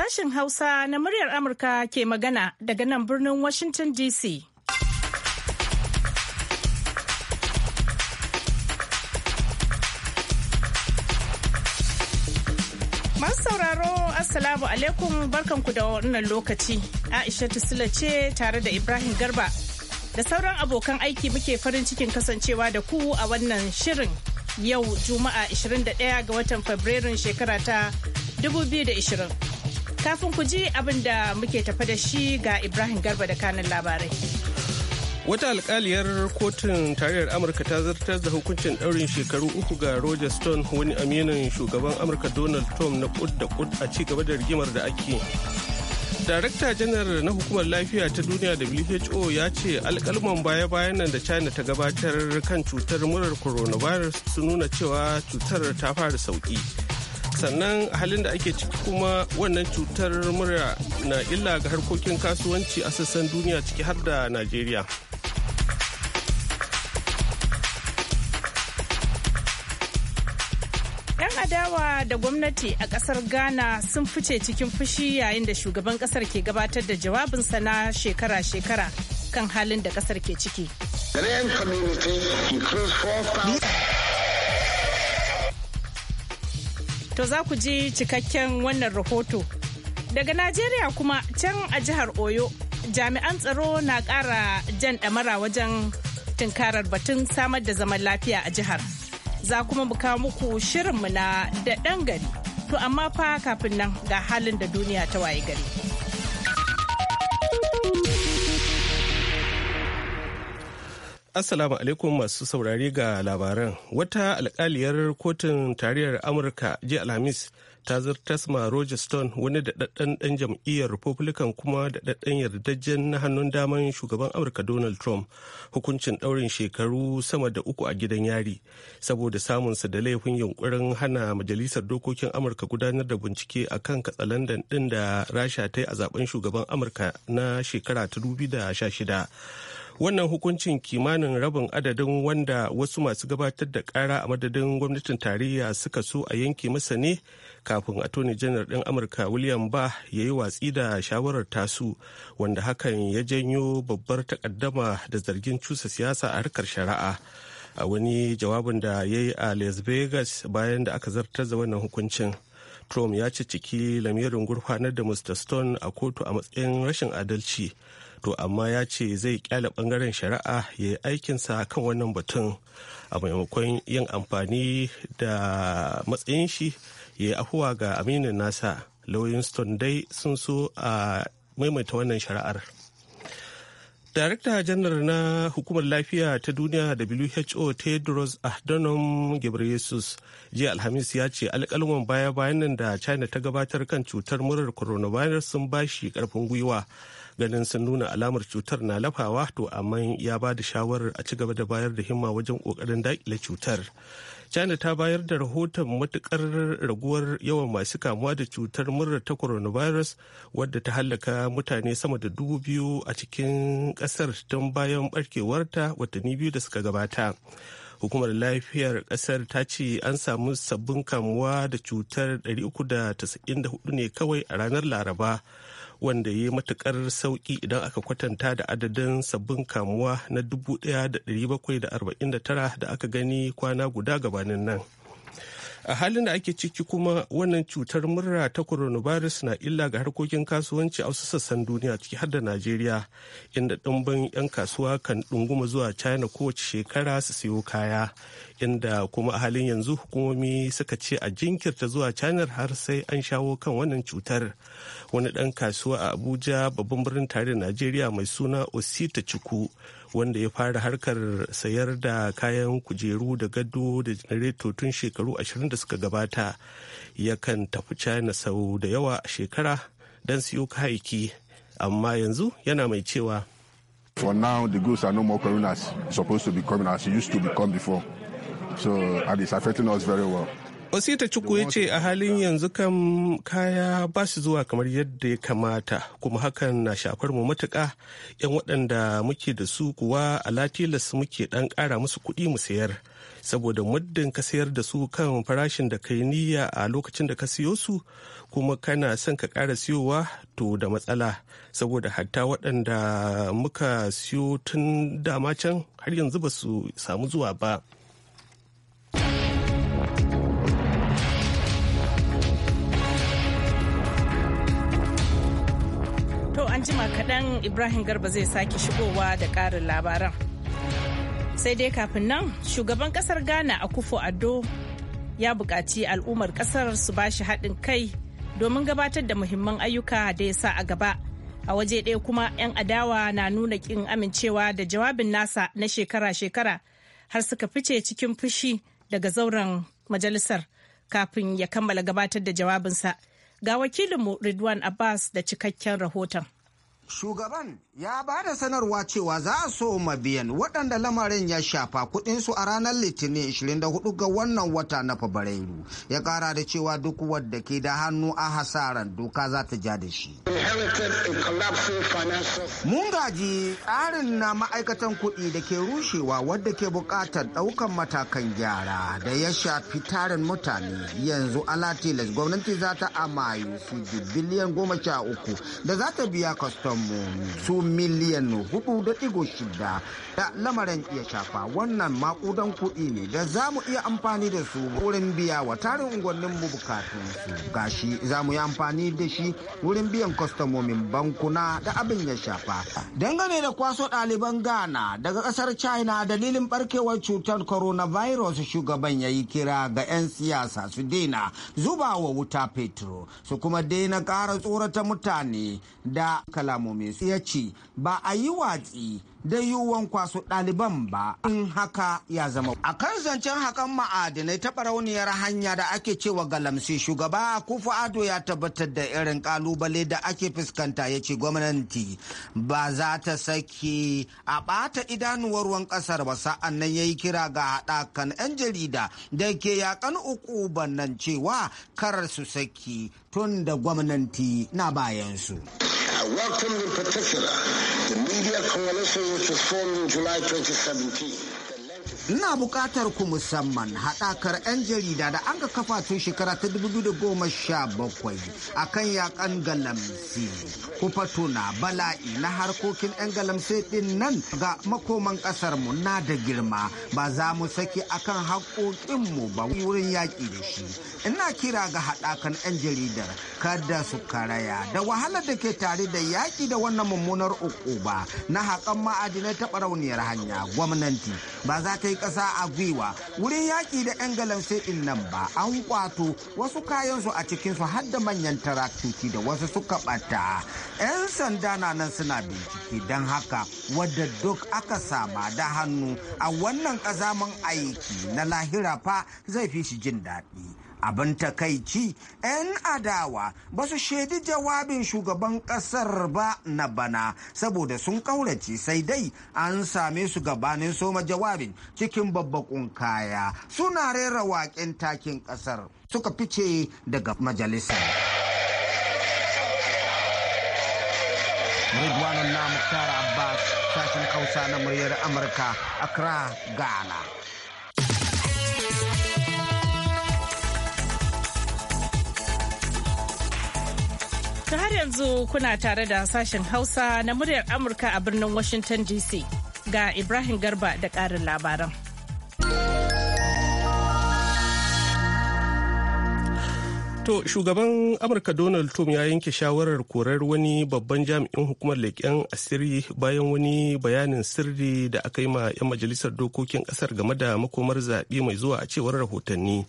Sashen Hausa na muryar Amurka ke magana daga nan birnin Washington DC. Masu sauraro Assalamu alaikum barkanku da wannan lokaci. Aisha Sula ce tare da Ibrahim Garba. Da sauran abokan aiki muke farin cikin kasancewa da ku a wannan shirin yau Juma'a 21 ga watan Fabrairun shekara ta 2020. Kafin ku ji abin da muke tafa da shi ga Ibrahim Garba da kanin labarai. Wata alkaliyar kotun tarayyar Amurka ta zartar da hukuncin ɗaurin shekaru uku ga Roger Stone wani aminin shugaban Amurka Donald Trump na kud da kud a ci gaba da rigimar da ake. Darakta janar na hukumar lafiya ta duniya WHO ya ce alkalman baya-bayan da China ta gabatar kan cutar murar coronavirus su nuna cewa cutar ta fara sauki. sannan halin da ake ciki kuma wannan cutar mura na illa ga harkokin kasuwanci a sassan duniya ciki har da najeriya yan adawa da gwamnati a kasar ghana sun fice cikin fushi yayin da shugaban kasar ke gabatar da jawabinsa na shekara-shekara kan halin da kasar ke ciki. To za ku ji cikakken wannan rahoto. Daga Najeriya kuma can a jihar Oyo, jami'an tsaro na ƙara jan ɗamara wajen tunkarar batun samar da zaman lafiya a jihar. Za kuma mu kawo muku shirinmu na da ɗan gari. To amma fa kafin nan ga halin da duniya ta waye gari. Assalamu alaikum masu saurari ga labaran. Wata alkaliyar kotun tarayyar Amurka jiya Alhamis ta zartas ma Roger Stone wani daɗaɗɗen ɗan jam'iyyar Republican kuma daɗaɗɗen yardajjen na hannun daman shugaban Amurka Donald Trump hukuncin ɗaurin shekaru sama da uku a gidan yari saboda samunsa da laifin yunkurin hana majalisar dokokin Amurka gudanar da bincike a kan katsalandan ɗin da Rasha ta yi a zaben shugaban Amurka na shekara ta 2016. wannan hukuncin kimanin rabin adadin wanda wasu masu gabatar da kara a madadin gwamnatin tarayya suka so a yanke masa ne kafin toni janar din amurka william ba ya yi watsi da shawarar tasu wanda hakan ya janyo babbar takaddama da zargin cusa siyasa a harkar shari'a a wani jawabin da ya yi a las vegas bayan da aka zartar da wannan hukuncin Trump ya ciki lamirin gurfanar da Mr. Stone a kotu a matsayin rashin adalci, to amma ya ce zai kyale bangaren shari'a ya yi aikinsa kan wannan batun a maimakon yin amfani da matsayin shi ya yi ahuwa ga aminin nasa. Lauyin Stone dai sun so a maimaita wannan shari'ar. Darakta janar na Hukumar Lafiya ta Duniya WHO Tedros Adhanom Ghebreyesus jiya Alhamis ya ce alƙalman baya-bayan nan da China ta gabatar kan cutar murar coronavirus sun bashi karfin gwiwa. Ganin sun nuna alamar cutar na lafawa to amma ya ba da shawarar a ci gaba da bayar da himma wajen ƙoƙarin daƙile cutar. china ta bayar da rahoton matukar raguwar yawan masu kamuwa da cutar murar ta coronavirus wadda ta hallaka mutane sama da dubu biyu a cikin kasar tun bayan barkewarta watanni biyu da suka gabata hukumar lafiyar kasar ta ce an samu sabbin kamuwa da cutar 394 ne kawai a ranar laraba wanda ya yi matukar sauki idan aka kwatanta da adadin sabbin kamuwa na 1,749 da aka gani kwana guda gabanin nan. a halin da ake ciki kuma wannan cutar murra ta coronavirus na illa ga harkokin kasuwanci a wasu sassan duniya ciki har da najeriya inda ɗumbin 'yan kasuwa kan ɗunguma zuwa china kowace shekara su siyo kaya inda kuma a halin yanzu hukumomi suka ce a jinkirta zuwa canar har sai an shawo kan wannan cutar wani dan kasuwa a abuja babban birnin tarihin najeriya mai suna osita cuku wanda ya fara harkar sayar da kayan kujeru da gado da janareto tun shekaru 20 da suka gabata yakan tafi china sau da yawa a shekara don siyo kayayyaki amma yanzu yana mai cewa For now, the goods are no more coming as supposed to be coming as it used to become before. So, and it's affecting us very well. Osita Chukwu ya ce a halin yanzu kan kaya ba su zuwa kamar yadda ya kamata kuma hakan na shafar mu matuƙa yan waɗanda muke da su kuwa a latilas muke ɗan ƙara musu kuɗi mu sayar saboda muddin ka sayar da su kan farashin da kai niyya a lokacin da ka siyo su kuma kana son ka ƙara siyowa to da matsala saboda hatta waɗanda muka siyo tun dama can har yanzu ba su samu zuwa ba. an jima kaɗan ibrahim garba zai sake shigowa da ƙarin labaran sai dai kafin nan shugaban ƙasar ghana a kufo Ado ya buƙaci al'ummar ƙasar su bashi haɗin kai domin gabatar da muhimman ayyuka da ya sa a gaba a waje ɗaya kuma 'yan adawa na nuna ƙin amincewa da jawabin nasa na shekara-shekara har suka fice cikin fushi daga zauren majalisar kafin ya kammala gabatar da jawabinsa ga wakilinmu ridwan abbas da cikakken rahoton Shugaban ya ba da sanarwa cewa za a so biyan. waɗanda lamarin ya shafa kuɗinsu a ranar Litinin 24 ga wannan wata na Fabrairu. Ya ƙara da cewa duk wadda ke da hannu a hasaran doka za ta ja da shi. Mun gaji tsarin na ma'aikatan kuɗi da ke rushewa wadda ke buƙatar ɗaukan matakan gyara da ya shafi tarin mutane yanzu alatilas gwamnati za ta amayu su biliyan goma sha uku da za ta biya kwastom mu su miliyan hudu da digo shida da lamarin iya shafa wannan makudan kuɗi ne da za mu iya amfani da su wurin biya wa tarin unguwannin mu bukatun su gashi za mu yi amfani da shi wurin biyan kwastomomin bankuna da abin ya shafa dangane da kwaso ɗaliban ghana daga ƙasar china dalilin barkewar cutar coronavirus shugaban ya yi kira ga 'yan siyasa su daina zuba wa wuta petro su kuma daina ƙara tsorata mutane da kalamu mu ya ce ba a yi watsi da yiwuwan kwaso ɗaliban ba in haka ya zama. A kan zancen hakan ma'adinai ta barauniyar hanya da ake cewa galamsi shugaba kufu ado ya tabbatar da irin kalubale da ake fuskanta ya ce gwamnati ba za ta sake a ɓata idanuwar ruwan ƙasar ba sa'an nan ya yi kira ga haɗakan 'yan jarida da ke yakan uku bannan cewa kar su saki tun da gwamnati na bayansu. I welcome in particular the media coalition which was formed in July 2017. Ina buƙatar ku musamman haɗakar 'yan jarida da an ga kafa tun shekara ta 2017 a kan yakan galamsi. Ku fatuna bala'i na harkokin 'yan galamsi ɗin nan ga makoman mu na da girma ba za mu saki akan haƙoƙinmu ba wurin yaƙi da shi. Ina kira ga haɗakan 'yan jaridar kada su karaya da wahalar da ke tare da yaƙi da wannan mummunar uku ba na haƙan ma'adinai ta hanya gwamnati ba za za ta yi ƙasa a gwiwa wurin yaƙi da 'yan galamsai ɗin nan ba an kwato wasu kayansu a cikinsu har da manyan taraktoci da wasu suka ɓata 'yan sanda na nan suna bincike don haka wadda duk aka sama da hannu a wannan ƙazaman aiki na lahira fa zai fi shi jin daɗi abin takaici 'yan adawa ba su shaidi jawabin shugaban kasar ba na bana saboda sun kaurace sai dai an same su gabanin soma jawabin cikin babbakun kaya suna rera waƙen takin kasar suka fice daga majalisar. na Muktar Abbas sashen kausa na muryar Amurka, Accra, Ghana. To har yanzu kuna tare da sashen Hausa na muryar Amurka a birnin Washington DC ga Ibrahim Garba da ƙarin labaran. To shugaban Amurka Donald Trump ya yanke shawarar korar wani babban jami'in hukumar leƙen asiri bayan wani bayanin sirri da aka yi ma 'yan majalisar dokokin ƙasar game da makomar zaɓe mai zuwa a cewar rahotanni.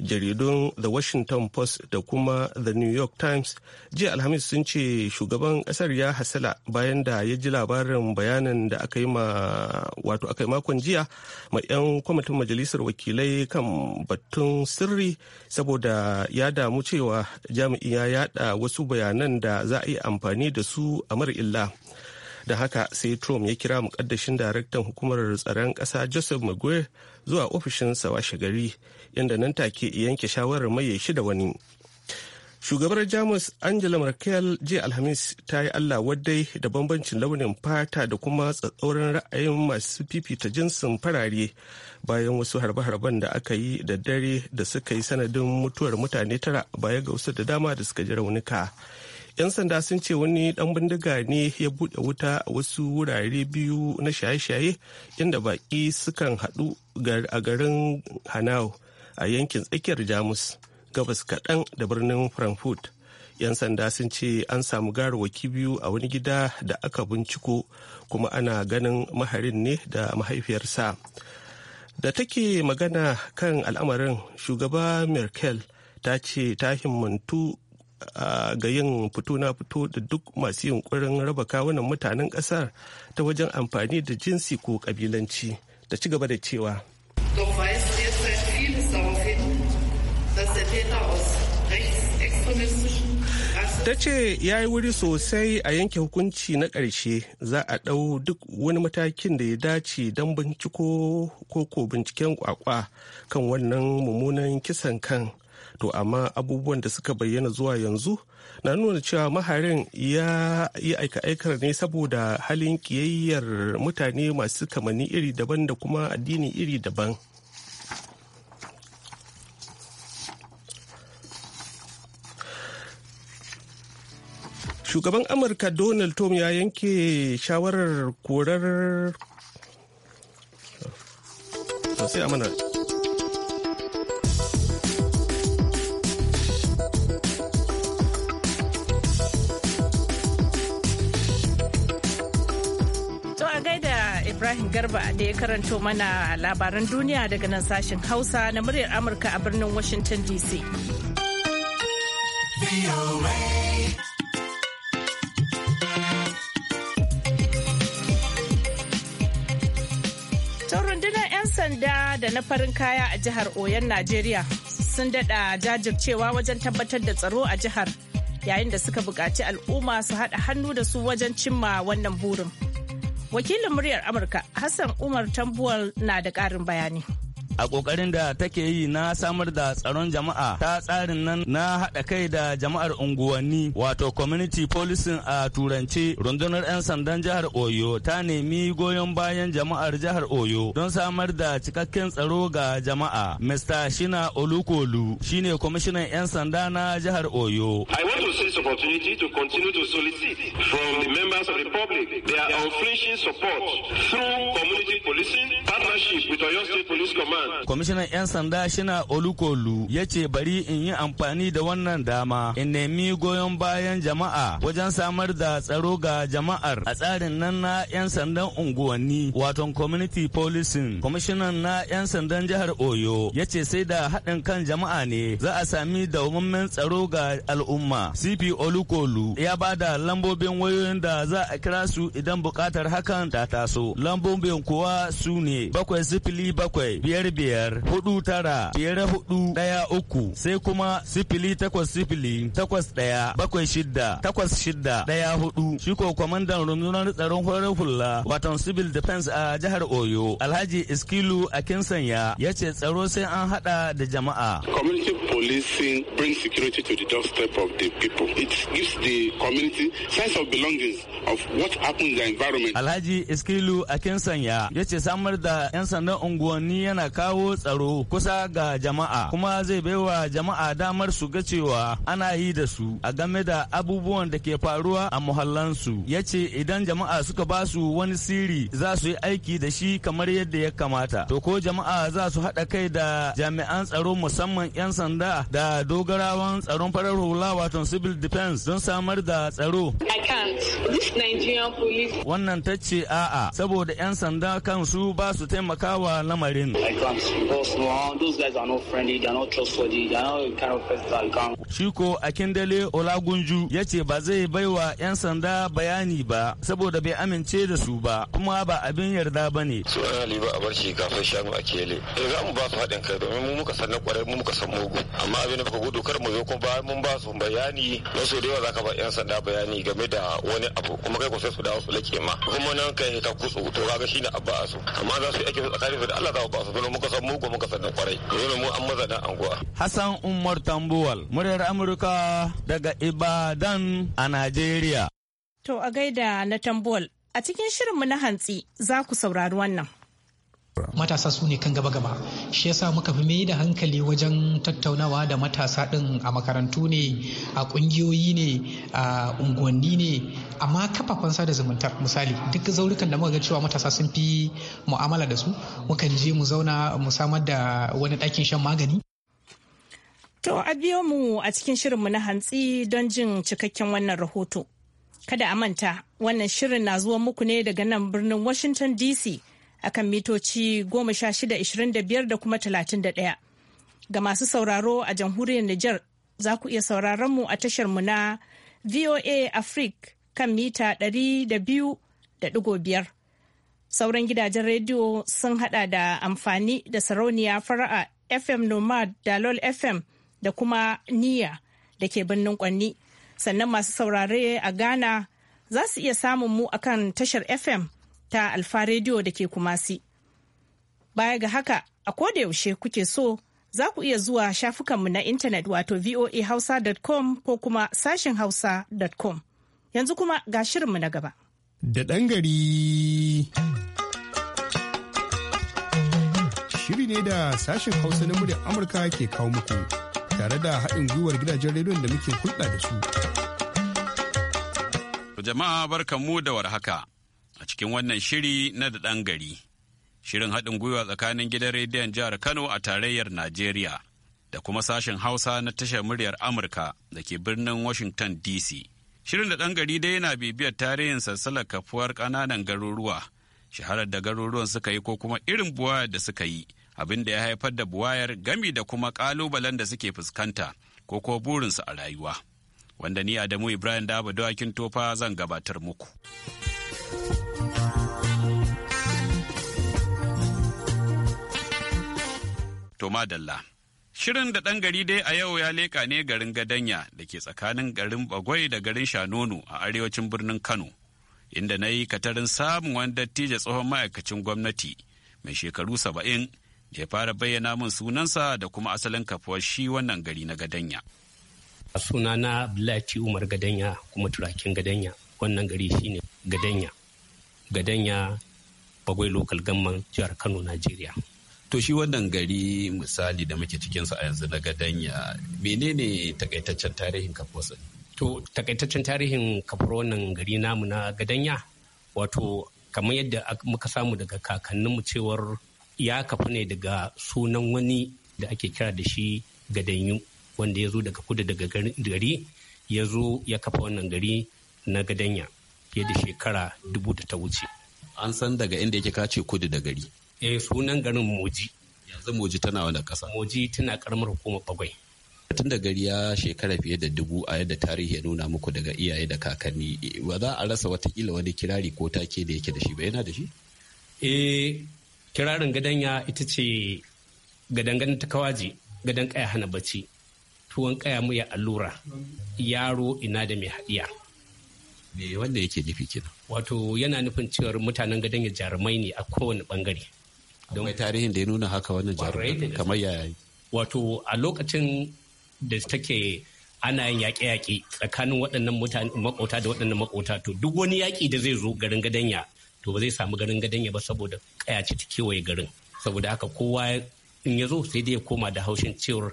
jaridun the washington post da kuma the new york times jiya alhamis sun ce shugaban kasar ya hasala bayan da ya ji labarin bayanin da aka yi wato aka yi makon jiya ma 'yan kwamitin majalisar wakilai kan batun sirri saboda ya damu cewa jami'i ya yada wasu bayanan da za a yi amfani da su a mara illa da haka sai trump ya kira mukaddashin daraktan hukumar tsaron kasa joseph mcguire zuwa ofishinsa washe gari inda nan take yanke shawarar mai shi da wani shugabar jamus angela merkel jiya alhamis ta yi allah waddai da bambancin launin fata da kuma tsatsauran ra'ayin masu fifita jinsin farare bayan wasu harbe-harben da aka yi da dare da suka yi sanadin mutuwar mutane tara baya ga wasu da dama da suka ji raunuka. 'yan sanda sun ce wani dan bindiga ne ya bude wuta a wasu wurare biyu na shaye-shaye inda baƙi sukan haɗu a garin hanau a yankin tsakiyar jamus gabas kaɗan da birnin frankfurt 'yan sanda sun ce an samu garawaki biyu a wani gida da aka binciko kuma ana ganin maharin ne da mahaifiyarsa da take magana kan al'amarin shugaba merkel ta ce ta himmantu ga yin fito na fito da duk masu yunkurin raba kawunan mutanen ƙasar ta wajen amfani da jinsi ko ƙabilanci da ci gaba da cewa ta ce ya yi wuri sosai a yanke hukunci na ƙarshe za a ɗau duk wani matakin da ya dace don binciko ko ko binciken kwakwa kan wannan mummunan kisan kan to amma abubuwan da suka bayyana zuwa yanzu na nuna cewa maharin ya yi aika-aikar ne saboda halin kiyayyar mutane masu kamani iri daban da kuma addini iri daban shugaban amurka donald trump ya yanke shawarar korar sai amana Garba da ya karanto mana labaran duniya daga nan sashen Hausa na muryar Amurka a birnin Washington DC. rundunar 'yan sanda da na farin kaya a jihar Oyan Najeriya sun dada jajircewa wajen tabbatar da tsaro a jihar yayin da suka buƙaci al'umma su haɗa hannu da su wajen cimma wannan burin. wakilin muryar amurka hassan umar tambuwal na da ƙarin bayani a kokarin da take yi na samar da tsaron jama'a ta tsarin nan na haɗa kai da jama'ar unguwanni wato community policing a turanci rundunar 'yan sandan jihar oyo ta nemi goyon bayan jama'ar jihar oyo don samar da cikakken tsaro ga jama'a mr shina olukolu shine kwamishinan 'yan sanda na jihar oyo i want to seize opportunity to continue to solicit from the members of the public their unflinching support through community policing partnership with oyo state police command Kwamishinan 'yan sanda Shina Olukolu ya ce bari in yi amfani da wannan dama in nemi goyon bayan jama'a wajen samar da tsaro ga jama'ar a tsarin nan na 'yan sandan unguwanni waton community policing. Kwamishinan na 'yan sandan jihar Oyo ya ce sai da haɗin kan jama'a ne za a sami dawamammen tsaro ga al'umma. CP Olukolu ya ba da lambobin wayoyin da za a kira su idan bukatar hakan ta taso. Lambobin kuwa su ne bakwai sifili bakwai biyar biyar hudu tara biyar hudu daya uku sai kuma sifili takwas sifili takwas daya bakwai shidda takwas shidda daya hudu shi ko kwamandan rundunar tsaron horar hula watan civil defense a jihar oyo alhaji iskilu a kinsanya ya ce tsaro sai an hada da jama'a. Community policing brings security to the doorstep of the people. It gives the community sense of belonging of what happens in the environment. Alhaji Iskilu a kinsanya ya ce samar da 'yan sandan unguwanni yana kawo kawo tsaro kusa ga jama'a kuma zai baiwa jama'a damar su ga cewa ana yi da su a game da abubuwan da ke faruwa a muhallansu ya ce idan jama'a suka ba su wani sirri za su yi aiki da shi kamar yadda ya kamata to ko jama'a za su haɗa kai da jami'an tsaro musamman 'yan sanda da dogarawan tsaron farar hula wato civil defense don samar da tsaro wannan ta ce a'a saboda 'yan sanda kansu ba su taimakawa lamarin camps those no Shiko Akindele Olagunju ya ce ba zai baiwa 'yan sanda bayani ba saboda bai amince da su ba kuma ba abin yarda ba ne. Tsoron eh, Ali ba a bar shi kafin shanu a kele. Eh za mu ba su haɗin kai domin mu muka san na ƙwarai mu muka san mugu. Amma abin da muka gudu kar mu zo kuma ba mun ba su bayani na so da yawa za ka ba 'yan sanda bayani game da wani abu kuma kai ku sai su dawo su lake ma. Kuma nan kai ka kutsu to ka ga shi ne a ba su. Amma za su yi aiki tsakanin su da Allah za ba su. muka san muku muka san kwarai dole mu an maza anguwa Hassan Umar Tambuwal muryar Amurka daga Ibadan a Najeriya to a gaida na Tambuwal a cikin shirinmu na hantsi za ku saurari wannan matasa su ne kan gaba gaba shi yasa muka fi mai da hankali wajen tattaunawa da matasa din a makarantu ne a kungiyoyi ne a unguwanni ne amma kafafen sada zumunta misali duk zaurukan da muka ga cewa matasa sun fi mu'amala da su mukan je mu zauna mu samar da wani ɗakin shan magani to a biyo mu a cikin shirin mu na hantsi don jin cikakken wannan rahoto kada a manta wannan shirin na zuwa muku ne daga nan birnin washington dc akan mitoci 1625 da kuma 31. Ga masu sauraro a jamhuriyar Nijar za ku iya sauraron mu a tashar mu na VOA Africa kan mita 200.5. Sauran gidajen rediyo sun hada da amfani da sarauniya fara'a FM Nomad da LOL FM da kuma niya da ke birnin Kwanni. Sannan masu saurare a Ghana za su iya samun mu akan tashar FM ta Alfa Radio da ke Kumasi. Baya ga haka, a koda yaushe kuke so za ku iya zuwa shafukanmu na intanet wato voahausa.com ko kuma sashin hausa.com. Yanzu kuma ga shirinmu na gaba. Da ɗan gari. Shiri ne da sashin hausa na muryar Amurka ke kawo muku tare da haɗin gwiwar gidajen rediyon da muke hulɗa da su. Jama'a barkanmu da warhaka. a cikin wannan shiri na da ɗan gari. Shirin haɗin gwiwa tsakanin gidan rediyon jihar Kano a tarayyar Najeriya da kuma sashen Hausa na tashar muryar Amurka da ke birnin Washington DC. Shirin da ɗan gari dai yana bibiyar tarihin sassalar kafuwar ƙananan garuruwa, shaharar da garuruwan suka yi ko kuma irin buwayar da suka yi, abin da ya haifar da buwayar gami da kuma ƙalubalen da suke fuskanta ko kuma burinsu a rayuwa. Wanda ni Adamu Ibrahim Dabo Dawakin Tofa zan gabatar muku. To madalla. Shirin da ɗan gari dai a yau ya leƙa ne garin Gadanya da ke tsakanin garin Bagwai da garin Shanonu a arewacin birnin Kano, inda na yi katarin samun wani dattijo tsohon ma'aikacin gwamnati mai shekaru saba'in da ya fara bayyana min sunansa da kuma asalin kafuwar shi wannan gari na Gadanya. Sunana Abdullahi Umar Gadanya kuma turakin Gadanya wannan gari shine Gadanya. gadanya bagwai lokal gamman jihar kano najeriya to shi wannan gari misali da muke cikinsa a yanzu na gadanya menene takaitaccen tarihin kafuwarsa to takaitaccen tarihin kafar wannan gari namu na gadanya wato kamar yadda muka samu daga kakanninmu cewar ya kafu ne daga sunan wani da ake kira da shi gadanyu wanda ya zo daga kudu daga gari ya zo ya kafa wannan gari na gadanya fiye da shekara dubu da ta wuce. An san daga inda yake kace kudu da gari. Eh sunan garin Moji. Yanzu Moji tana wani ƙasa. Moji tana karamar hukumar Bagwai. Tun da gari ya shekara fiye da dubu a yadda tarihi ya nuna muku daga iyaye da kakanni ba za a rasa watakila wani kirari ko take da yake da shi ba yana da shi? Eh kirarin gadanya ita ce gadangan ta kawaji gadan kaya hana bacci tuwon kaya mu ya allura yaro ina da mai haɗiya. me wanda yake nufi kenan wato yana nufin cewar mutanen gadon ya jarumai ne a kowane bangare Akwai tarihin da ya nuna haka wannan jarumai kamar yaya wato a lokacin da take ana yin yaƙe-yaƙe tsakanin waɗannan mutane makota da waɗannan makota to duk wani yaƙi da zai zo garin gadon ya, to ba zai samu garin gadon ya ba saboda ce ta kewaye garin saboda haka kowa in ya zo sai dai ya koma da haushin cewar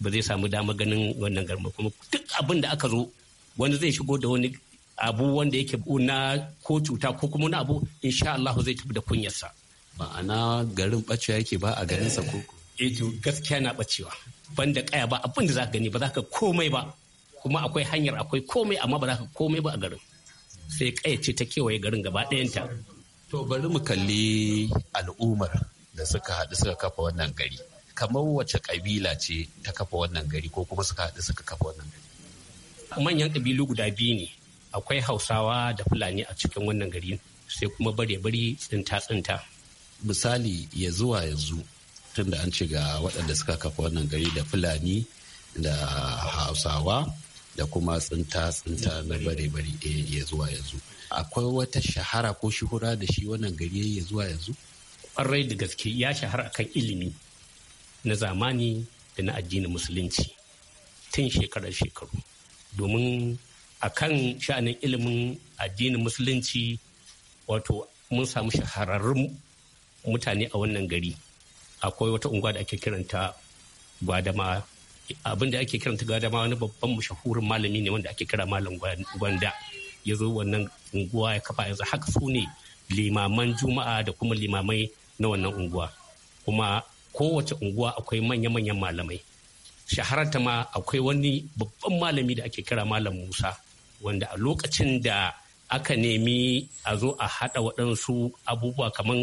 ba zai samu dama ganin wannan garin kuma duk abin da aka zo wani zai shigo da wani abu wanda yake na ko cuta ko kuma na abu insha Allah zai tafi da kunyarsa ma'ana garin bacewa yake ba a garinsa ko eto eh, gaskiya na bacewa banda kaya ba abin da za ka gani ba za ka komai ba kuma akwai hanyar akwai komai amma ba za ka komai ba a garin sai kaya ce ta kewaye garin gaba ɗayanta to bari mu kalli al'ummar da suka haɗu suka kafa wannan gari kamar wace ƙabila ce ta kafa wannan gari ko kuma suka haɗu suka kafa wannan gari manyan ƙabilu guda biyu ne akwai hausawa da fulani a cikin wannan gari sai kuma bare-bari tsinta-tsinta misali ya zuwa yanzu tun da an ce ga waɗanda suka kafa wannan gari da fulani da hausawa da kuma tsinta-tsinta na bare-bari eh, ya zuwa yanzu akwai wata shahara ko shuhura da shi wannan gari ya zuwa yanzu ƙwarai da gaske ya shahara akan ilimi na zamani da na addinin musulunci tun shekarar shekaru domin a kan sha'anin ilimin addinin musulunci wato mun samu shahararrun mutane a wannan gari akwai wata unguwa da ake kiranta gwadama abin da ake kiranta gwadama wani babban mashahurin malami ne wanda ake kira malam gwanda ya zo wannan unguwa ya kafa yanzu haka su ne limaman juma'a da kuma limamai na wannan unguwa kuma kowace unguwa akwai manya-manyan malamai shahararta ma akwai wani babban malami da ake kira malam musa wanda a lokacin da aka nemi a zo a haɗa waɗansu abubuwa kamar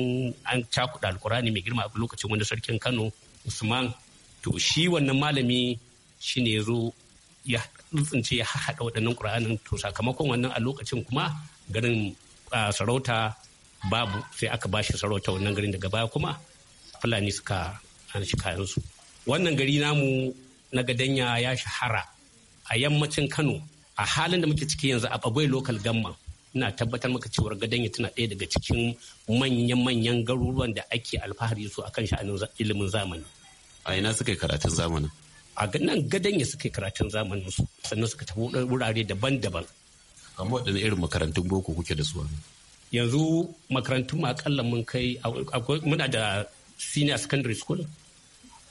an cakuɗa alkurani mai girma a lokacin wanda sarkin kano usman to shi wannan malami shi ne zo ya tsince ya haɗa waɗannan ƙura'anin to sakamakon wannan a lokacin kuma garin sarauta babu sai aka ba shi sarauta wannan garin daga baya kuma fulani suka hana shi kayansu wannan gari namu na gadanya ya shahara a yammacin kano a halin da muke ciki yanzu a bagwai local gamma ina tabbatar maka cewar gadanya tana ɗaya daga cikin manyan-manyan garuruwan da ake alfahari su akan sha'anin ilimin zamani a ina suka yi karatun zamanin a nan gadanya suka yi karatun zamanin su sannan suka tafi wurare daban-daban amma waɗanne irin makarantun boko kuke da su yanzu makarantun mu akalla mun kai muna da senior secondary school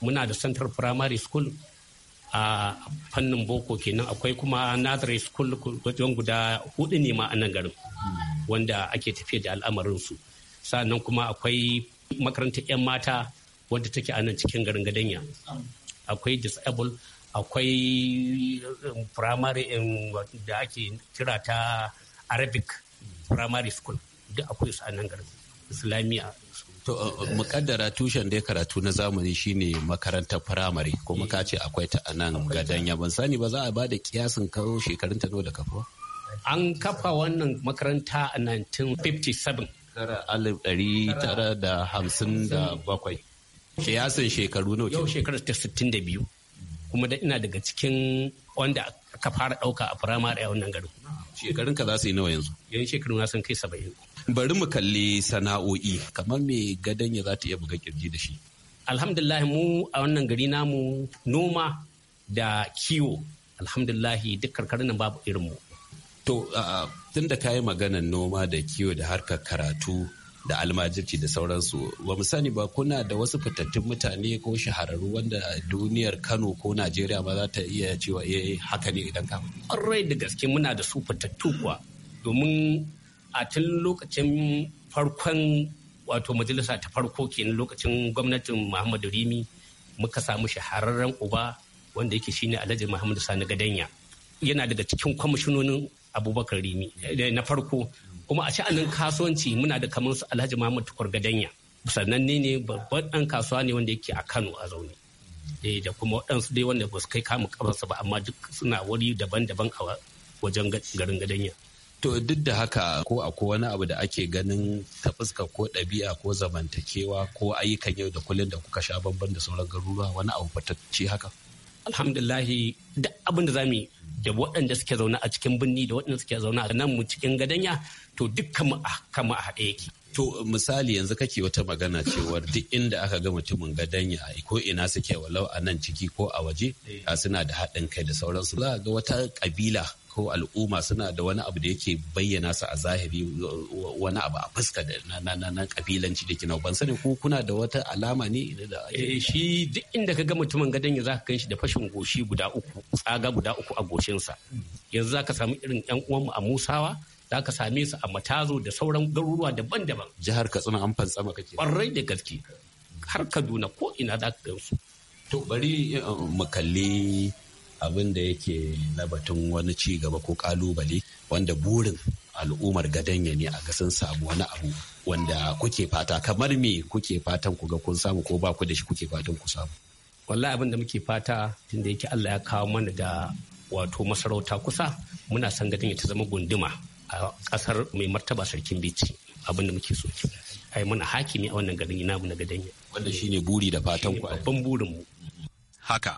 muna da central primary school a fannin boko kenan akwai kuma nazare school wajen guda hudu ne ma a nan garin wanda ake tafiya da al'amarin su sannan kuma akwai makarantar 'yan mata wanda take a nan cikin garin gadanya akwai disable akwai um, primary um, da ake kira ta arabic primary school duk akwai su a nan garin islamiyya To uh, uh, mukaddara tushen dai karatu na zamani shine makarantar firamare kuma ka ce akwai ta anan gadan ban sani ba za a ba da kiyasin karo shekarun ta da kafa. An kafa wannan makaranta a 1957. Tara alif ɗari tara da hamsin da bakwai. Kiyasin shekaru nawa. Yau shekarar ta sittin da biyu. Kuma da ina daga cikin wanda aka fara ɗauka a firamare a wannan garin. Shekarun ka za su yi nawa yanzu? Yan shekaru na sun kai saba'in. bari mu kalli sana'o'i kamar me gadanya za ta iya buga kirji da shi alhamdulillah mu a wannan gari namu noma da kiwo alhamdulahi duk karkarin nan babu irin mu to tun da kayi maganan noma da kiwo da harkar karatu da almajirci da sauransu ba mu sani ba kuna da wasu fitattun mutane ko shahararru wanda duniyar kano ko najeriya ba za ta iya cewa eh haka ne idan ka ƙwarai da gaske muna da su fitattu kuwa domin a tun lokacin farkon wato majalisa ta farko ke lokacin gwamnatin muhammadu rimi muka samu shahararren uba wanda yake shine alhaji muhammadu sani gadanya yana daga cikin kwamishinonin abubakar rimi eh, na farko kuma a sha'anin kasuwanci muna da kamar su alhaji muhammadu tukur gadanya sannan ne babban ɗan kasuwa ne wanda yake a kano a zaune eh, da kuma waɗansu dai wanda ba su kai kamun kafarsa ba amma duk suna wuri daban-daban a wajen garin gadanya To duk da haka ko akwai wani abu da ake ganin ta fuska ko ɗabi'a ko zamantakewa ko ayyukan yau da kullum da kuka sha bambam da sauran garuruwa wani abu fatacce haka? Alhamdulahi duk abin da za mu yi da waɗanda suke zaune a cikin birni da waɗanda suke zaune a nan mu cikin gadanya to duk kama a kama a haɗe yake. To misali yanzu kake wata magana cewar duk inda aka ga mutumin gadanya ko ina suke walau a nan ciki ko a waje eh. suna da haɗin kai da sauransu. Za ga wata ƙabila ko al'umma suna da wani abu da yake bayyana su a zahiri wani abu a fuska da na kabilanci da kina ban sani ko kuna da wata alama ne da eh, shi duk inda ka ga mutumin gadon ya za ka da fashin goshi guda uku tsaga guda uku a goshinsa yanzu za ka samu irin yan uwanmu a musawa za ka same su a matazo da sauran garuruwa daban-daban jihar katsina an fantsama kake Ƙwarai da gaske har kaduna ko ina za ka gansu to bari eh, mu kalli abin da yake na batun wani ci gaba ko kalubale wanda burin al'ummar gadanya ne a sun samu wani abu wanda kuke fata kamar me kuke fatan ku ga kun samu ko ba ku da shi kuke fatan ku samu wallahi abin da muke fata tunda yake Allah ya kawo mana da wato masarauta kusa muna son gadanya ta zama gunduma a kasar mai martaba sarkin bici abin da muke so ai muna hakimi a wannan garin namu na gadanya wanda shine buri da fatan ku babban burin mu haka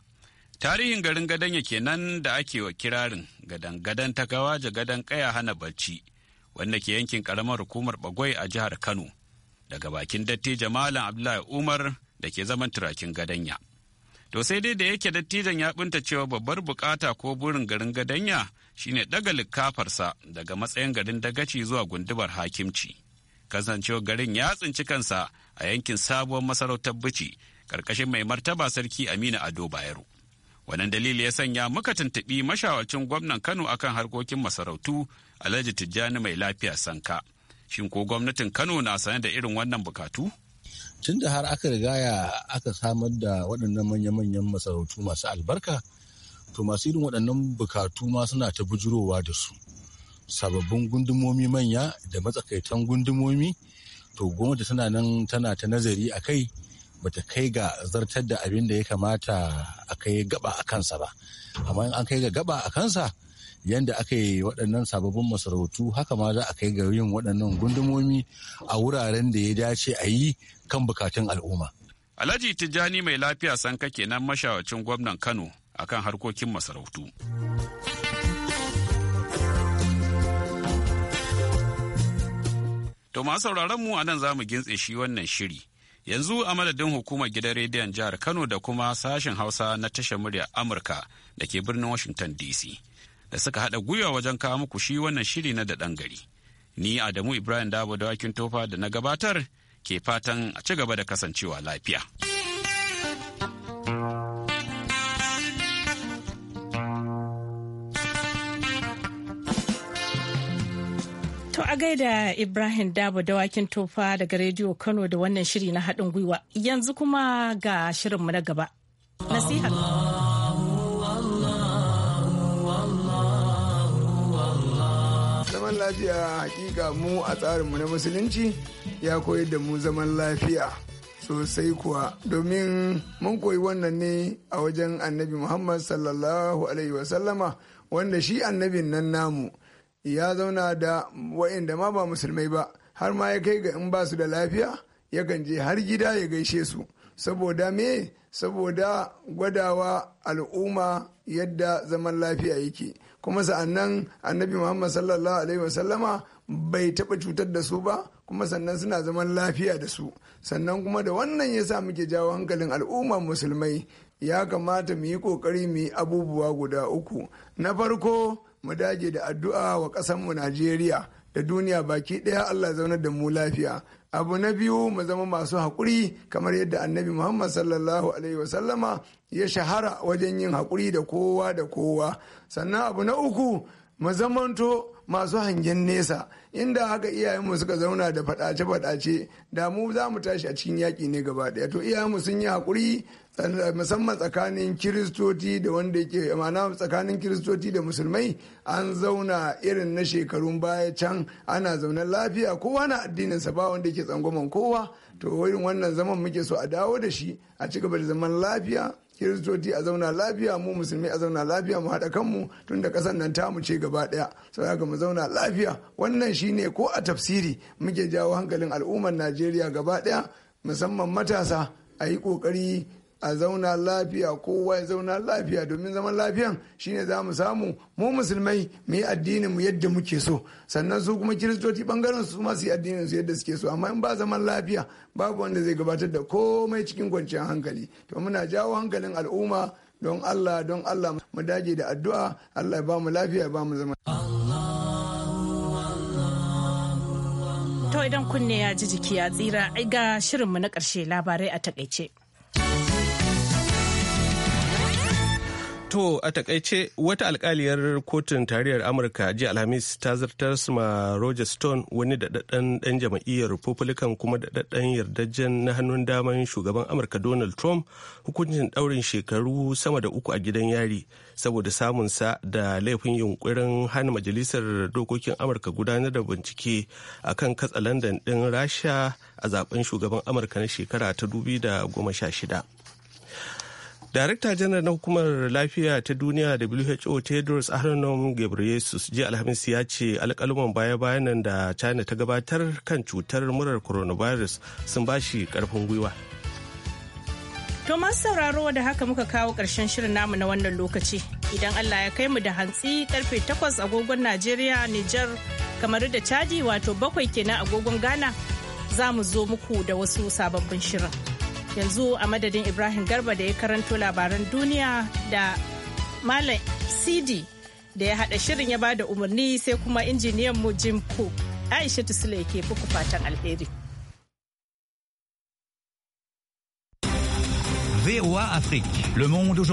Tarihin garin gadon Gadanya kenan da ake wa kirarin gadan-gadan ta gawaje gadan kaya hana barci. wanda ke yankin karamar hukumar bagwai a jihar Kano daga bakin dattijo Malam Abdullahi Umar da ke zaman turakin Gadanya. To sai dai da yake dattijan ya bunta cewa babbar bukata ko burin garin Gadanya shine daga likafarsa daga matsayin garin dagaci zuwa Gundubar hakimci. Kasancewar garin ya tsinci kansa a yankin sabuwar masarautar bici ƙarƙashin mai martaba sarki Aminu Ado Bayero. Wannan dalili ya sanya muka tuntuɓi mashawacin gwamnan Kano akan harkokin masarautu Alhaji Tijjani mai lafiya sanka. Shin ko gwamnatin Kano na sane da irin wannan bukatu? Tun da har aka rigaya aka samar da waɗannan manya-manyan masarautu masu albarka, to masu irin waɗannan bukatu ma suna ta bujurowa da su. Sababbin gundumomi manya da matsakaitan gundumomi, to gwamnati tana nan tana ta nazari a kai bata kai ga zartar da abin da ya kamata a kai gaba a kansa ba amma in an kai ga gaba a kansa yadda aka yi waɗannan sababbin masarautu haka ma za a kai ga yin waɗannan gundumomi a wuraren da ya dace a yi kan bukatun al'umma. Alhaji Tijjani mai lafiya san kake nan mashawacin gwamnan Kano akan harkokin masarautu. To masu sauraron mu a nan za mu gintse shi wannan shiri. yanzu a madadin hukumar gidan rediyon jihar kano da kuma sashen hausa na tashar murya amurka da ke birnin washington dc da suka haɗa gwiwa wajen kawo muku shi wannan shiri na da ɗan gari ni adamu ibrahim dabo da wakin tofa da na gabatar ke fatan a ci gaba da kasancewa lafiya. To a gaida Ibrahim Dabo dawakin tofa daga Rediyo Kano da wannan shiri na haɗin gwiwa. Yanzu kuma ga shirinmu na gaba. Nasiha. Zaman lafiya hakika mu a tsarinmu na musulunci ya koyar da mu zaman lafiya sosai kuwa domin mun koyi wannan ne a wajen annabi Muhammad sallallahu Alaihi wasallama wanda shi annabin nan namu. ya zauna da waɗanda ma ba musulmai ba har ma ya kai ga in ba su da lafiya yakan je har gida ya gaishe su saboda me saboda gwadawa al'umma yadda zaman lafiya yake kuma sa'annan annabi muhammad sallallahu alaihi wasallama bai taɓa cutar da su ba kuma sannan suna zaman lafiya da su sannan kuma da wannan ya sa muke jawo hankalin al'umma musulmai ya kamata mu yi ƙoƙari mu yi abubuwa guda uku na farko mu dage da addu'a wa ƙasarmu najeriya da duniya baki ɗaya allah zaunar da mu lafiya abu na biyu mu zama masu haƙuri kamar yadda annabi muhammad sallallahu alaihi wasallama ya shahara wajen yin haƙuri da kowa da kowa sannan abu na uku mu zamanto masu hangen nesa inda haka iyayenmu suka zauna da faɗace-faɗace da mu za mu tashi a cikin yaƙi ne gaba ɗaya to iyayenmu sun yi hakuri musamman tsakanin kiristoci da wanda yake ma'ana tsakanin kiristoci da musulmai an zauna irin na shekarun baya can ana zaune lafiya kowa na addininsa ba wanda ke tsangwaman kowa to irin wannan zaman muke so a dawo da shi a ci gaba da zaman lafiya kiristoci a zauna lafiya mu musulmi a zauna lafiya mu haɗa kanmu tun da ƙasar nan mu ce gaba ɗaya sau haka mu zauna lafiya wannan shine ko a tafsiri muke jawo hankalin al'ummar najeriya gaba ɗaya musamman matasa a yi ƙoƙari a zauna lafiya kowa ya zauna lafiya domin zaman lafiyan shine za mu samu mu musulmai mu yi addinin mu yadda muke so sannan su kuma kiristoci bangaren su ma su yi addinin su yadda suke so amma in ba zaman lafiya babu wanda zai gabatar da komai cikin kwanciyar hankali to muna jawo hankalin al'umma don Allah don Allah mu dage da addu'a Allah ya ba mu lafiya ba mu zaman To idan kunne ya ji jiki ya tsira ai ga shirinmu na karshe labarai a takaice. To a takaice wata alkaliyar kotun tarayyar Amurka jiya Alhamis ta zartar ma Roger Stone wani daɗaɗɗen ɗan jam'iyyar Republican kuma daɗaɗɗen yardajen na hannun daman shugaban Amurka Donald Trump hukuncin ɗaurin shekaru sama da uku a gidan yari saboda samunsa da laifin yunkurin hana majalisar dokokin Amurka gudanar da bincike akan katsalandan ɗin Rasha a zaben shugaban Amurka na shekara ta goma sha shida. Darakta janar na hukumar lafiya ta duniya WHO Tedros Adhanom Ghebreyesus ji Alhamis ya ce alƙaluman baya bayanan da China ta gabatar kan cutar murar coronavirus sun ba shi ƙarfin gwiwa. Thomas sauraro da haka muka kawo ƙarshen shirin namu na wannan lokaci. Idan Allah ya kai mu da hantsi karfe 8 agogon Najeriya, Nijar, kamar da Chadi wato bakwai kenan agogon Ghana za mu zo muku da wasu sababbin shirin. yanzu a madadin ibrahim garba da ya karanto labaran duniya da malam cd da ya hada shirin ya bada umarni sai kuma injiniyan mu jim cook aisha tusula yake fuku fatan alheri VOA Afrique, le monde